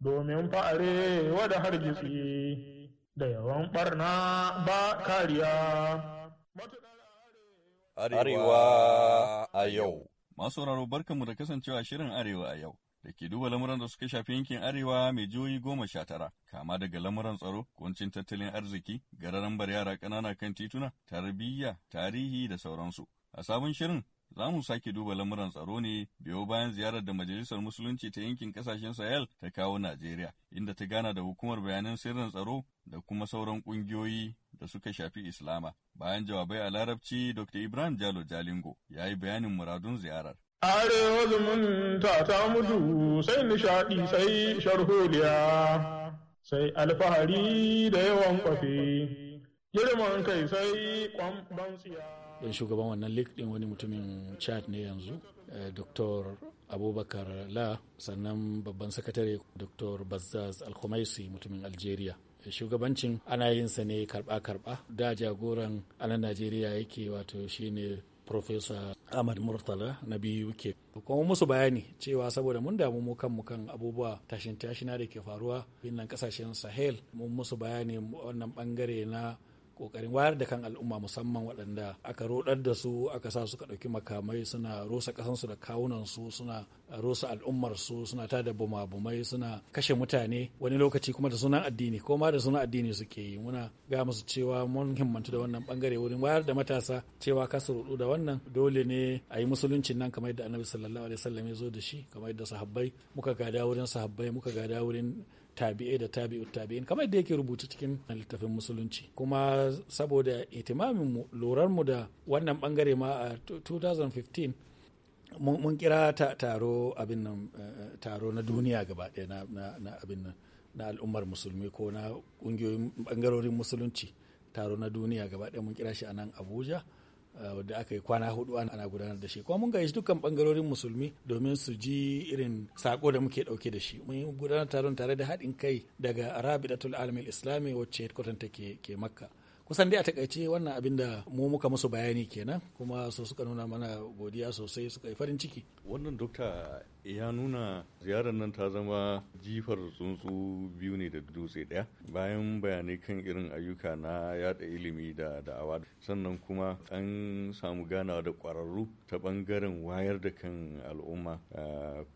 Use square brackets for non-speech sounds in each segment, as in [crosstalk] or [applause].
domin fa'are wada hargitsi da yawan ɓarna ba kariya. Arewa a yau Masu sauraro barkanmu da kasancewa shirin Arewa a yau. Da ke duba lamuran da suka shafi yankin Arewa mai jihohi goma sha tara, kama daga lamuran tsaro, kuncin tattalin arziki, gararan bar yara ƙanana kan tituna, tarbiyya, tarihi da sauransu. A sabon shirin za mu sake duba lamuran tsaro ne biyo bayan ziyarar da Majalisar Musulunci ta yankin kasashen Sahel ta kawo Najeriya, inda ta gana da hukumar bayanan sirrin tsaro da kuma sauran ƙungiyoyi da suka shafi Islama. Bayan jawabai a Larabci, Dr. Ibrahim Jalo Jalingo ya yi bayanin muradun ziyarar. Arewa zumunta ta mutu sai nishaɗi sai sharholiya sai alfahari da yawan kwafe, girman kai sai kwamban siya. don shugaban wannan league din wani mutumin chad ne yanzu eh, dr abubakar la sannan babban sakatare dr bazzaz alkhumaisi mutumin algeria eh, shugabancin ana yin sa ne karba-karba da jagoran ana najeriya yake wato shine Profesa Ahmad Murtala na biyu ke kuma musu bayani cewa saboda mun damu mu kan kan abubuwa tashin tashina da ke faruwa nan kasashen Sahel mun musu bayani wannan bangare na kokarin wayar da kan al'umma musamman waɗanda aka rodar da su aka sa suka ɗauki makamai suna rosa ƙasansu da kawunansu suna rosa al'ummarsu suna ta da bumabumai suna kashe mutane wani lokaci kuma da sunan addini ko ma da sunan addini suke yi muna ga musu cewa mun himmantu da wannan bangare wurin wayar da matasa cewa ka su rudu da wannan dole ne a yi musuluncin nan kamar yadda annabi sallallahu alaihi wasallam ya zo da shi kamar yadda sahabbai muka gada wurin sahabbai muka gada wurin tabi'ai da tabi'u tabi'in kamar yadda yake rubuta cikin littafin musulunci kuma saboda itimamin mu lorar mu da wannan bangare ma a 2015 mun kira taro abin nan eh, taro na duniya gaba daya na abin nan na al'ummar musulmi ko na ƙungiyoyin bangarorin musulunci taro na duniya gaba ɗaya mun kira shi a nan abuja Eh, wadda aka yi kwana hudu ana gudanar da shi kuma mun gaishe dukkan bangarorin musulmi domin su ji irin sako da muke dauke da shi mun yi gudanar taron tare da haɗin kai daga rabidatul alamil islami wacce headquarter take ke makka kusan dai a takaice wannan abin da mu muka musu bayani kenan kuma so suka nuna mana godiya sosai suka yi farin ciki wannan dokta ya nuna ziyarar nan ta zama jifar tsuntsu biyu ne da dutse daya bayan bayanai kan irin ayyuka na yada ilimi da da'awa sannan kuma an samu ganawa da kwararru ta bangaren wayar da kan al'umma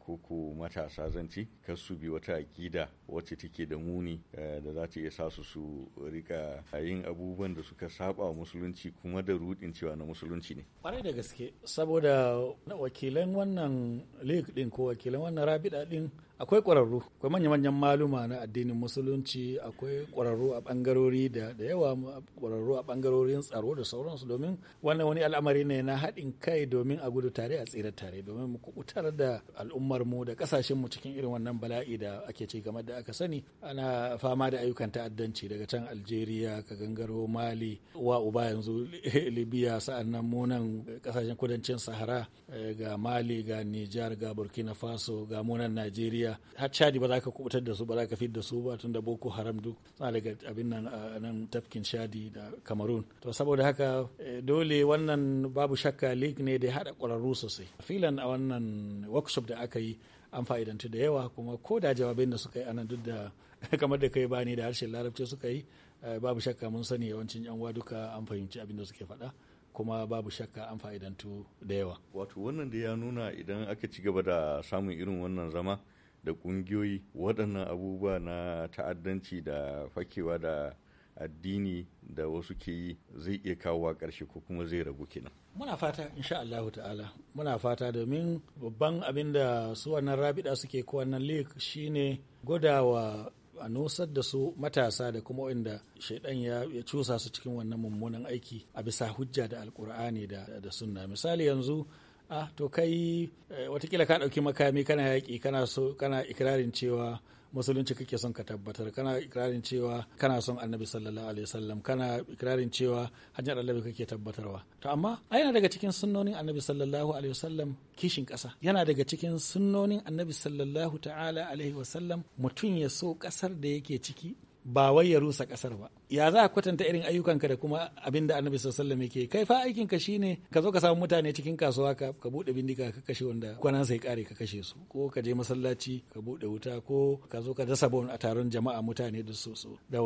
ko matasa zanci kar su bi wata akida wacce take da muni da za ta iya sa su su rika yin abubuwa abubuwan da suka saba musulunci kuma da rudin cewa na musulunci ne kwarai da gaske saboda wakilan wannan league din ko wakilan wannan rabida din akwai kwararru akwai manya-manyan maluma na addinin musulunci akwai ƙwararru a bangarori da yawa ƙwararru a ɓangarorin tsaro da sauransu domin wannan wani al'amari ne na haɗin kai domin a gudu tare a tsira tare domin mu kubutar da al'ummar mu da ƙasashen mu cikin irin wannan bala'i da ake ci game da aka sani ana fama da ayyukan ta'addanci daga can Algeria ka gangaro Mali wa uba yanzu [laughs] Libya sa'an nan mu nan ƙasashen kudancin Sahara eh, ga Mali ga Nijar ga Burkina Faso ga munan Najeriya har Chadi ba za ka kubutar da su ba za ka fid da su ba tunda Boko Haram duk suna daga abin nan a nan tafkin Chadi da Cameroon to saboda haka eh, dole wannan babu shakka league ne da ya haɗa ƙwararru sosai filan a wannan workshop da aka yi an fa'idantu da yawa kuma ko da jawabin da suka yi anan duk da [laughs] kamar da kai bani da harshen larabci suka yi eh, babu shakka mun sani yawancin yan duka an fahimci abin da suke faɗa kuma babu shakka an fa'idantu da yawa wato wannan da ya nuna idan aka ci gaba da samun irin wannan zama da ƙungiyoyi waɗannan abubuwa na ta'addanci da fakewa da addini da wasu ke yi zai iya kawowa ƙarshe ko kuma zai ragu kenan. Muna fata insha Allahu ta'ala muna fata domin babban abin da su wannan rabida suke ko wannan lik shine godawa a nusar da su matasa da kuma wanda shaidan ya, cusa su cikin wannan mummunan aiki a bisa hujja da alkur'ani da sunna misali yanzu ah to kai eh, watakila ka ɗauki makami kana yaƙi kana so kana ikirarin cewa musulunci kake son ka tabbatar kana ikirarin cewa kana son annabi sallallahu alaihi wasallam kana ikirarin cewa hanyar annabi kake tabbatarwa to amma yana daga cikin sunnonin annabi sallallahu alaihi wasallam kishin ƙasa yana daga cikin sunnonin annabi sallallahu ta'ala alaihi wasallam mutum ya so ƙasar da yake ciki ba wai ya rusa kasar ba ya za a kwatanta irin ayyukanka da kuma abin da annabi sallallahu yake kai fa aikin ka shine ka zo ka samu mutane cikin kasuwa ka ka bude bindiga ka kashe wanda kwanan sai kare ka kashe su ko ka je masallaci ka bude wuta ko ka zo ka dasa bon a taron jama'a mutane da su su da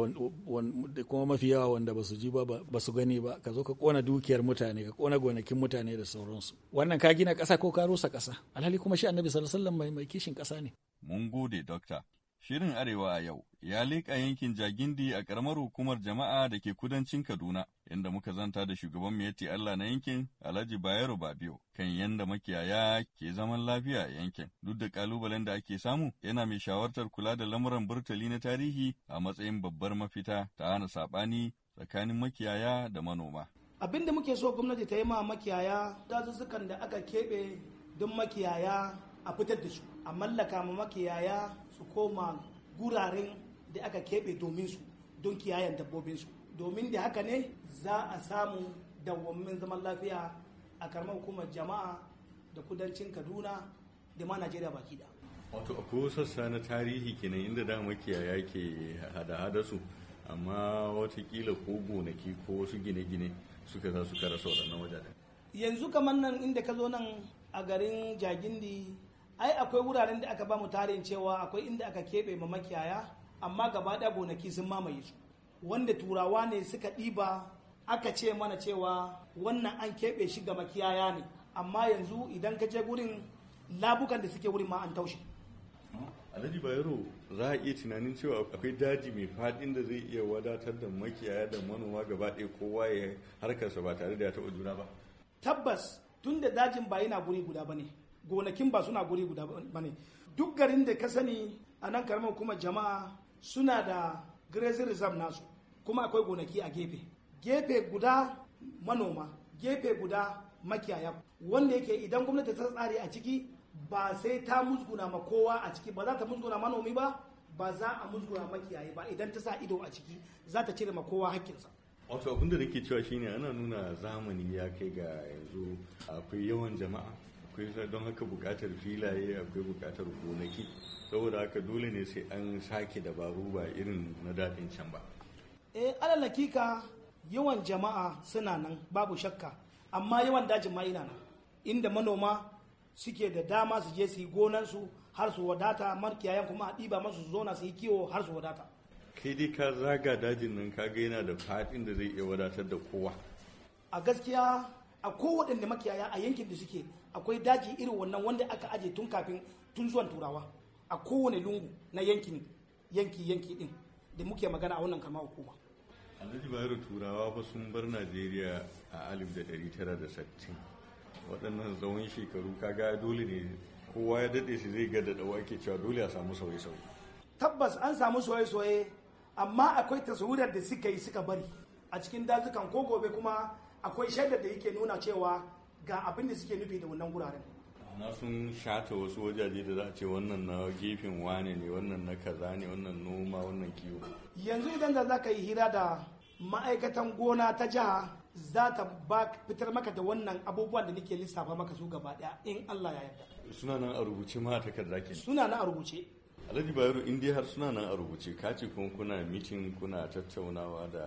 kuma mafi yawa wanda ba su ji ba ba su gani ba ka zo ka kona dukiyar mutane ka kona gonakin mutane da sauransu wannan ka gina kasa ko ka rusa kasa alhali kuma shi annabi sallallahu alaihi wasallam mai kishin kasa ne mun gode dokta Shirin Arewa a yau ya leƙa yankin Jagindi a ƙaramar hukumar jama'a da ke kudancin Kaduna, inda muka zanta da shugaban Miyatti Allah na yankin Alhaji Bayero Babio kan yadda makiyaya ke zaman lafiya a yankin. Duk da ƙalubalen da ake samu, yana mai shawartar kula da lamuran burtali na tarihi a matsayin babbar mafita ta hana saɓani tsakanin makiyaya da manoma. Abin da muke so gwamnati ta yi ma makiyaya dazuzzukan da aka keɓe don makiyaya a fitar da su, a mallaka ma makiyaya su koma guraren da aka keɓe domin su don kiyayen dabbobin su domin da haka ne za a samu dawwammin zaman lafiya a karamar hukumar jama'a da kudancin kaduna da ma najeriya baki da wato akwai sassa na tarihi kenan inda da makiyaya ke hada-hada su amma watakila ko gonaki ko wasu gine-gine suka za su karasa waɗannan wajen. yanzu kamar nan inda ka zo nan a garin jagindi ai akwai wuraren da aka ba mu tarin cewa akwai inda aka keɓe ma makiyaya amma gaba ɗaya gonaki sun mamaye su wanda turawa ne suka ɗiba aka ce mana cewa wannan an keɓe shi ga makiyaya ne amma yanzu idan ka je gurin labukan da suke wurin ma an taushe alhaji bayero za a iya tunanin cewa akwai daji mai faɗin da zai iya wadatar da makiyaya da manoma gaba ɗaya kowa ya harkarsa ba tare da ya taɓa juna ba tabbas tun dajin ba yana guri guda ba ne gonakin ba suna guri guda ba ne duk garin da ka sani a nan karamar kuma jama'a suna da grazing reserve nasu kuma akwai gonaki a gefe gefe guda manoma gefe guda makiyaya wanda yake idan gwamnati ta tsare a ciki ba sai ta musguna ma kowa a ciki ba za ta musguna manomi ba ba za a musguna makiyaye ba idan ta sa ido a ciki za ta cire ma kowa hakkinsa wato abin da nake cewa shine ana nuna zamani ya kai ga yanzu akwai yawan jama'a akwai don haka bukatar filaye akwai bukatar gonaki saboda haka dole ne sai an sake dabaru ba irin na daɗin can ba eh alalakika, yawan jama'a suna nan babu shakka amma yawan dajin ma ina nan inda manoma suke da dama su je su yi gonansu har su wadata markiyayen kuma a ɗiba masu zona su yi kiwo har su wadata kai dai ka zaga dajin nan kaga yana da faɗin da zai iya wadatar da kowa a gaskiya a kowaɗanne makiyaya a yankin da suke akwai daji irin wannan wanda aka aje tun kafin tun zuwan turawa a kowane lungu na yankin yanki yanki din da muke magana a wannan kama hukuma alhaji bayero turawa ba sun bar najeriya a 1960 waɗannan tsawon shekaru kaga dole ne kowa ya daɗe shi zai ga daɗa ake cewa dole a samu sauye-sauye tabbas an samu sauye-sauye amma akwai tasawurar da suka yi suka bari a cikin dazukan ko gobe kuma akwai shaidar da yake nuna cewa ga abin da suke nufi da wannan wuraren na sun shata wasu wajaje da za a ce wannan na gefen wane ne wannan na kaza ne wannan noma wannan kiwo yanzu idan da za ka yi hira da ma'aikatan gona ta jiha za ta fitar maka da wannan abubuwan da nake lissafa maka su gaba daya in Allah ya yarda suna nan a rubuce ma takarda ke suna nan a rubuce alhaji bayero in dai har suna nan a rubuce ka ce kuma kuna mitin kuna tattaunawa da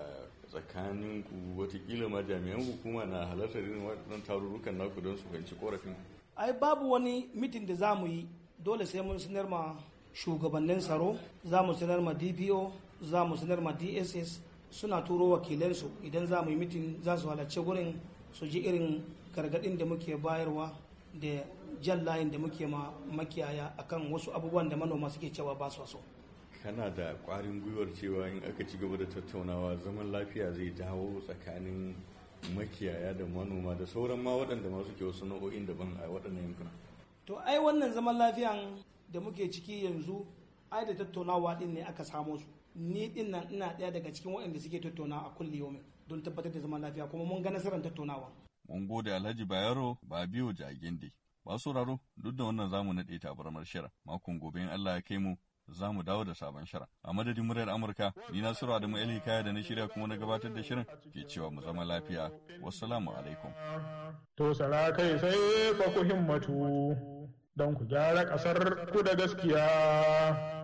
tsakanin ku watakila ma jami'an hukuma na halartar irin waɗannan tarurrukan naku don su fahimci korafin ai babu wani mitin da za mu yi dole sai mun sanar ma shugabannin tsaro za mu sanar ma dpo za mu sanar ma dss suna turo wakilansu idan za mu yi mitin za su halarci gurin su ji irin gargaɗin da muke bayarwa da jan layin da muke ma makiyaya akan wasu abubuwan da manoma suke cewa ba su so kana da kwarin gwiwar cewa in aka ci gaba da tattaunawa zaman lafiya zai dawo tsakanin makiyaya da manoma da sauran ma waɗanda ma suke wasu nau'o'in daban a waɗannan yankuna to ai wannan zaman lafiyan da muke ciki yanzu ai da tattaunawa din ne aka samo su ni din nan ina ɗaya daga cikin waɗanda suke tattaunawa a kulli yomin don tabbatar da zaman lafiya kuma mun ga nasarar tattaunawa Mun gode Alhaji Bayero ba Babiyo Jagindi. Ba sauraro duk da wannan zamu naɗe tabarmar shira. Makon gobe in Allah ya kai mu za mu dawo da sabon shara. A madadin muryar Amurka, ni na Sura Adamu Ali Kaya da na shirya kuma na gabatar da shirin ke cewa mu zama lafiya. Wassalamu alaikum. To sara kai sai fa ku himmatu don ku gyara ƙasar ku da gaskiya.